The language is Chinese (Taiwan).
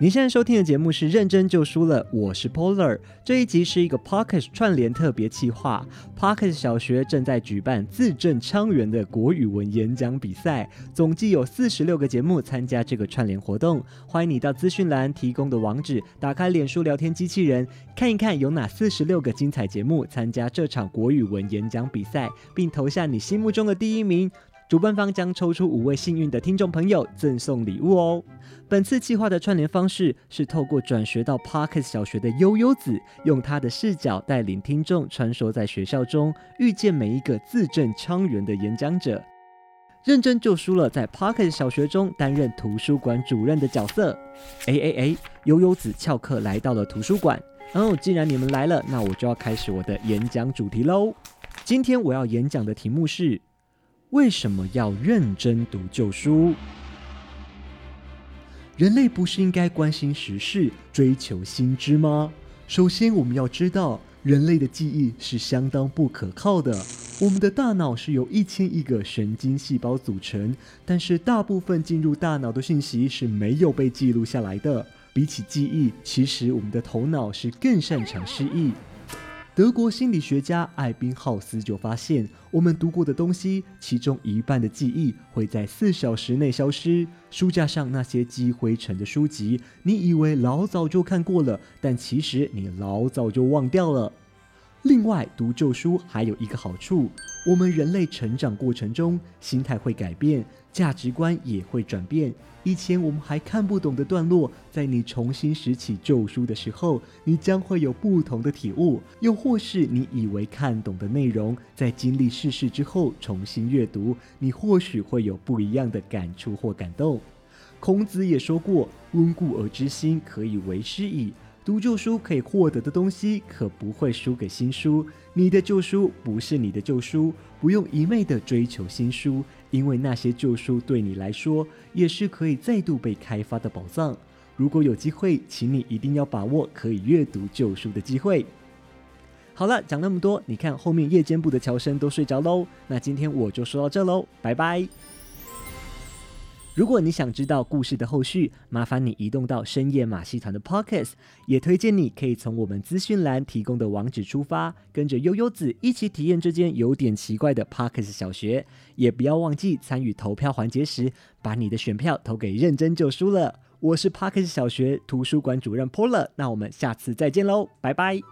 你現在收聽的節目是《認真舊書了》，我是 Polar。這一集是一個 Podcast 串聯特別企劃。Podcast 小學正在舉辦字正腔圓的國語文演講比賽，總計有四十六個節目參加這個串聯活動。歡迎你到資訊欄提供的網址，打開臉書聊天機器人，看一看有哪四十六個精彩節目參加這場國語文演講比賽，並投下你心目中的第一名。主辦方將抽出五位幸運的聽眾朋友贈送禮物哦。本次計劃的串聯方式是透過轉學到 PODCAST 小學的憂憂子，用他的視角帶領聽眾穿梭在學校中，遇見每一個字正腔圓的演講者。認真舊書了在 PODCAST 小學中擔任圖書館主任的角色。哎哎哎，憂憂子翹課來到了圖書館。哦，既然你們來了，那我就要開始我的演講主題嘍。今天我要演講的題目是。為什麼要認真讀舊書？人類不是應該關心時事、追求新知嗎？首先，我們要知道，人類的記憶是相當不可靠的。我們的大腦是由一千億個神經細胞組成，但是大部分進入大腦的信息是沒有被記錄下來的。比起記憶，其實我們的頭腦是更擅長失憶。德國心理學家艾賓浩斯就發現，我們讀過的東西，其中一半的記憶會在四小時內消失。書架上那些積灰塵的書籍，你以為老早就看過了，但其實你老早就忘掉了。另外，讀舊書還有一個好處：我們人類成長過程中，心態會改變，價值觀也會轉變。以前我們還看不懂的段落，在你重新拾起舊書的時候，你將會有不同的體悟；又或是你以為看懂的內容，在經歷世事之後重新閱讀，你或許會有不一樣的感觸或感動。孔子也說過：“溫故而知新，可以為師矣。”讀舊書可以獲得的東西，可不會輸給新書。你的舊書不是你的舊書，不用一味的追求新書，因為那些舊書對你來說，也是可以再度被開發的寶藏。如果有機會，請你一定要把握可以閱讀舊書的機會。好了，講那麼多，你看後面夜間部的喬生都睡着嘍。那今天我就說到這嘍，拜拜。如果你想知道故事的後續，麻煩你移動到深夜馬戲團的 Podcast，也推薦你可以從我們資訊欄提供的網址出發，跟着悠悠子一起體驗這間有點奇怪的 Podcast 小學。也不要忘記參與投票環節時，把你的選票投給認真舊書了。我是 Podcast 小學圖書館主任 Pola，那我們下次再見嘍，拜拜。